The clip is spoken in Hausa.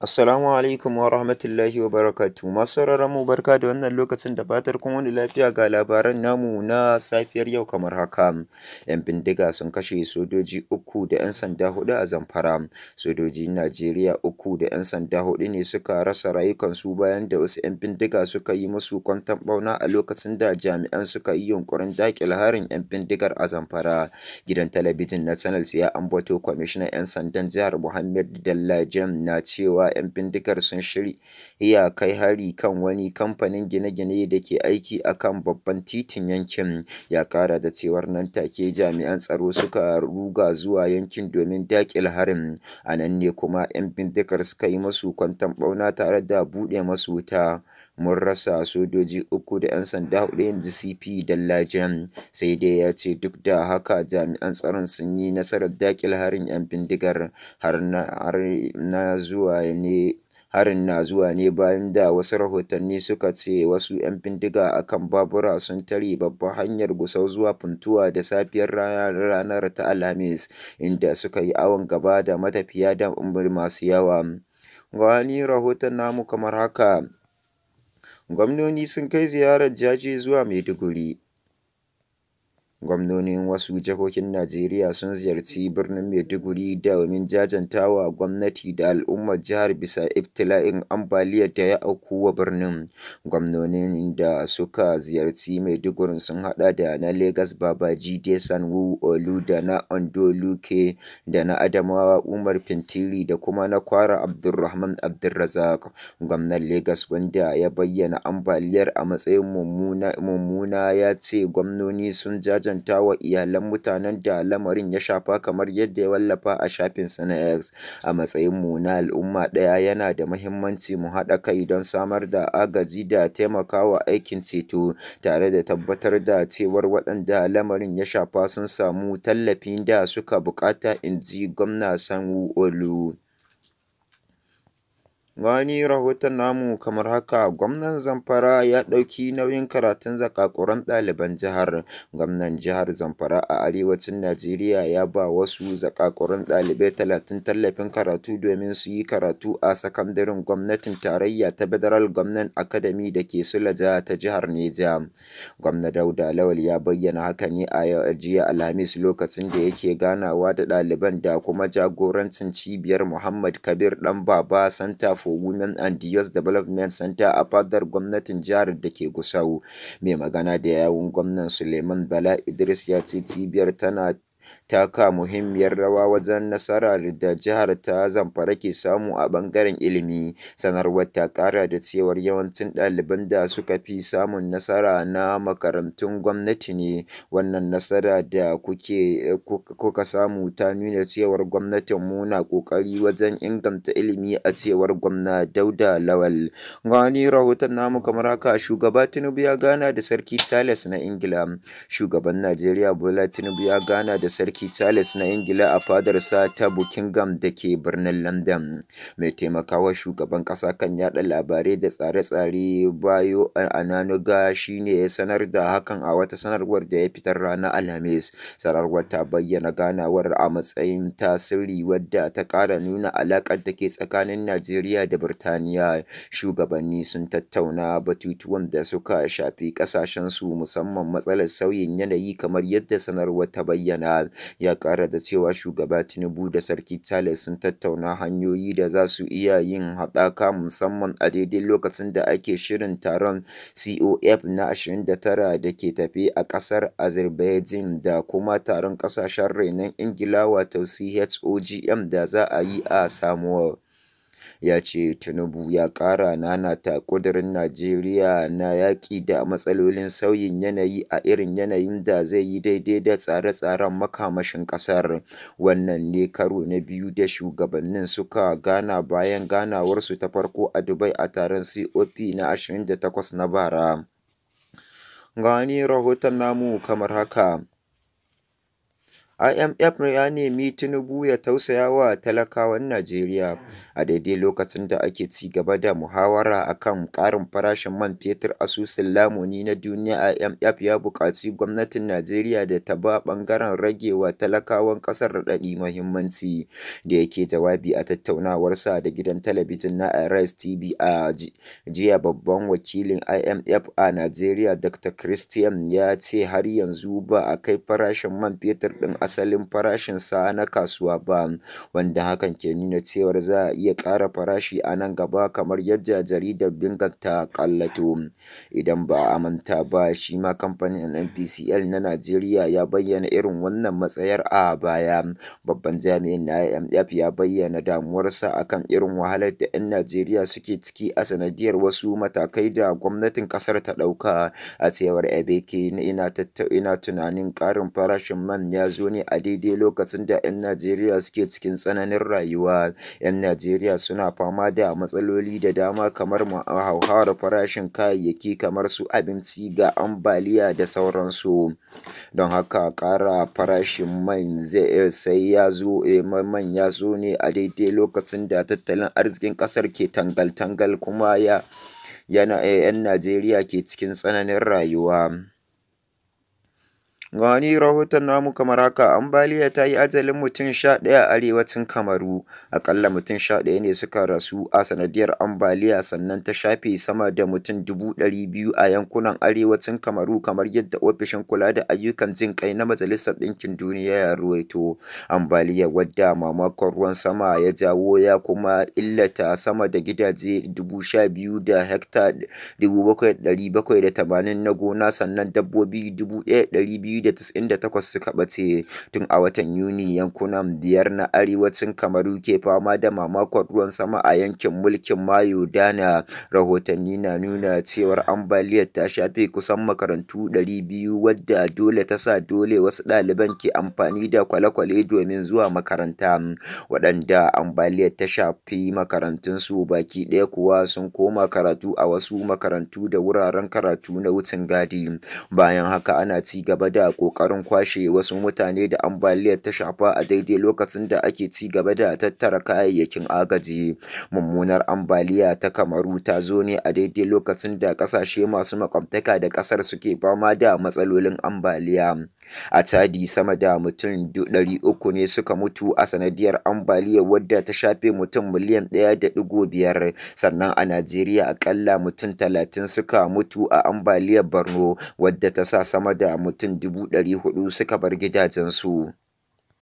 Assalamu alaikum wa rahmatullahi wa barakatuhu. Masu mu barka da wannan lokacin da fatar kun wani lafiya ga labaran namu na safiyar yau kamar haka. ‘Yan bindiga sun kashe sojoji uku da ‘yan sanda hudu a Zamfara. Sojojin Najeriya uku da ‘yan sanda hudu ne suka rasa rayukansu bayan da wasu ‘yan bindiga suka yi musu kwantan bauna a lokacin da jami'an suka yi yunkurin dakile harin ‘yan bindigar a Zamfara. Gidan talabijin na Channels ya ambato kwamishinan ‘yan sandan jihar Muhammad Dallajan na cewa cewa 'yan bindigar sun shirya kai hari kan wani kamfanin gine-gine da ke aiki a kan babban titin yankin. Ya kara da cewar nan take jami'an tsaro suka ruga zuwa yankin domin dakil harin. A nan ne kuma 'yan bindigar suka yi masu kwanton ɓauna tare da buɗe masu wuta. Mun rasa sojoji uku da 'yan sanda hudu inji CP Dallacem, sai dai ya ce duk da haka jami'an tsaron sun yi nasarar dakil harin 'yan bindigar. Harin na zuwa ne bayan da wasu rahotanni suka ce wasu 'yan bindiga a kan babura sun tare babbar hanyar Gusau zuwa puntuwa da safiyar ranar ta Alhamis, inda suka yi awon gaba da matafiya da masu yawa. wani rahoton namu kamar haka, Gwamnoni sun kai ziyarar jaje zuwa Maiduguri. Gwamnonin wasu jihohin Najeriya sun ziyarci birnin Maiduguri domin jajantawa gwamnati da al'ummar jihar bisa iftila'in ambaliyar da ya auku wa birnin. Gwamnonin da suka ziyarci Maiduguri sun haɗa da na Lagos Babajide Sanwo-Olu da na Ondo Luke da na Adamawa Umar Fintiri da kuma na Kwara Abdulrahman Abdulrazak. Gwamnan Lagos wanda ya bayyana ambaliyar a matsayin mummuna ya ce gwamnoni sun jajanta jajanta wa iyalan mutanen da lamarin ya shafa kamar yadda ya wallafa a shafin sa na X. A matsayin mu na al'umma daya yana da muhimmanci mu haɗa kai don samar da agaji da taimakawa aikin ceto tare da tabbatar da cewar waɗanda lamarin ya shafa sun samu tallafin da suka bukata in ji gwamna Sanwo-Olu. Wani rahoton namu kamar haka: Gwamnan Zamfara ya ɗauki nauyin karatun zakakuran ɗaliban jihar. Gwamnan jihar Zamfara a Arewacin Najeriya ya ba wasu zakakuran ɗalibai talatin tallafin karatu domin su yi karatu a sakandaren gwamnatin tarayya ta Federal Gwamnan Academy da ke Suleja ta jihar Neja. Gwamna Dauda Lawal ya bayyana haka ne a jiya Alhamis lokacin da yake ganawa da ɗaliban da kuma jagorancin Cibiyar Muhammad Kabir ɗan Baba Santa. for Women and Youth Development Center a fadar gwamnatin jihar da ke Gusau. Mai magana da yawun gwamnan Suleiman Bala Idris ya ce cibiyar tana taka muhimmiyar rawa wajen nasarar da jihar ta Zamfara ke samu a ɓangaren ilimi. Sanarwar ta kara da cewar yawancin ɗaliban da suka fi samun nasara na makarantun gwamnati ne. Wannan nasara da kuke kuka samu ta nuna cewar gwamnatinmu na ƙoƙari wajen inganta ilimi, a cewar Gwamna Dauda Lawal. Ga wani rahoton namu kamar haka, Shugaba Tinubu ya gana da Sarki Charles na Ingila. Shugaban Najeriya Bola Tinubu ya gana da Sarki Charles na Ingila a fadarsa ta Buckingham da ke birnin London. Mai taimakawa shugaban ƙasa kan yada labarai da tsare-tsare Bayo Ananuga shi ne ya sanar da hakan a wata sanarwar da ya fitar rana Alhamis. Sanarwar ta bayyana ganawar a matsayin tasiri wadda ta ƙara nuna alaƙar da ke tsakanin Najeriya da Birtaniya. Shugabanni sun tattauna batutuwan da suka shafi ƙasashensu musamman matsalar sauyin yanayi kamar yadda sanarwar ta bayyana. Senegal ya kara da cewa Shugaba Tinubu da Sarki tale sun tattauna hanyoyi da za su iya yin haɗaka musamman a daidai lokacin da ake shirin taron cof na 29 da ke tafe a ƙasar Azerbaijan da kuma taron ƙasashen renon Ingila wato CHOGM da za a yi a Samoa. ya ce Tinubu ya ƙara ta kudurin Najeriya na yaƙi da matsalolin sauyin yanayi a irin yanayin da zai yi daidai da tsare-tsaren makamashin ƙasar. Wannan ne karo na biyu da shugabannin suka gana bayan ganawarsu ta farko a Dubai a taron COP na 28 na bara. gani rahoton namu kamar haka. IMF ya nemi Tinubu ya tausaya wa talakawan Najeriya, a daidai lokacin da ake ci gaba da muhawara a kan ƙarin farashin man fetur Asusun Lamuni na Duniya IMF ya buƙaci gwamnatin Najeriya da ta ba ɓangaren rage wa talakawan ƙasar raɗaɗi muhimmanci, da yake jawabi a tattaunawarsa da gidan talabijin na IRIS TV a jiya babban wakilin IMF a Najeriya Dr. Christian ya ce har yanzu ba a kai farashin man fetur ɗin asalin farashinsa na kasuwa ba, wanda hakan ke nuna cewar za a iya ƙara farashi a nan gaba kamar yadda jaridar bingan ta ƙallato. Idan ba a manta ba, shi ma kamfanin NNPCL na Najeriya ya bayyana irin wannan matsayar a baya. Babban jami'in na IMF ya bayyana damuwarsa akan irin wahalar da 'yan Najeriya suke ciki a sanadiyar wasu matakai da gwamnatin kasar ta ɗauka. A cewar abk ina tunanin karin farashin man ya zo ne ne a daidai lokacin da 'yan Najeriya suke cikin tsananin rayuwa. 'Yan Najeriya suna fama da matsaloli da dama kamar hauhawar farashin kayayyaki kamar su abinci ga ambaliya da sauransu. Don haka ƙara farashin man sai ya zo eh, man ya zo ne a daidai lokacin da tattalin arzikin ƙasar ke tangal-tangal kuma ya yana 'yan eh, Najeriya ke cikin tsananin rayuwa. Ga rahoton namu kamar haka, ambaliya ta yi ajalin mutum ɗaya a arewacin Kamaru. Akalla mutum sha ɗaya ne suka rasu a sanadiyar ambaliya sannan ta shafe sama da mutum dubu biyu a yankunan arewacin Kamaru kamar yadda ofishin kula da ayyukan jin kai na Majalisar Ɗinkin Duniya ya ruwaito. Ambaliya wadda mamakon ruwan sama ya jawo ya kuma illata sama da gidaje dubu sha biyu da hekta dubu bakwai bakwai da tamanin na gona sannan dabbobi dubu biyu takwas suka ɓace tun a watan Yuni yankunan biyar na arewacin Kamaru ke fama da mamakon ruwan sama a yankin mulkin Mayo Dana. Rahotanni na nuna cewar ambaliyar ta shafe kusan makarantu ɗari biyu wadda dole ta sa dole wasu ɗaliban ke amfani da kwale-kwale domin zuwa makaranta. Waɗanda ambaliyar ta shafi makarantunsu baki ɗaya kuwa sun koma karatu a wasu makarantu da wuraren karatu na wucin gadi. Bayan haka ana ci gaba da ƙoƙarin kwashe wasu mutane da ambaliyar ta shafa a daidai lokacin da ake ci gaba da tattara kayayyakin agaji. Mummunar ambaliya ta Kamaru ta zo ne a daidai lokacin da ƙasashe masu makwamtaka da ƙasar suke fama da matsalolin ambaliya. A cadi sama da mutum 300 ne suka mutu a sanadiyar ambaliya wadda ta shafe mutum miliyan ɗaya da biyar sannan a Najeriya akalla mutum 30 suka mutu a ambaliyar Borno wadda ta sa sama da mutum dubu. dubu ɗari huɗu suka bar gidajensu.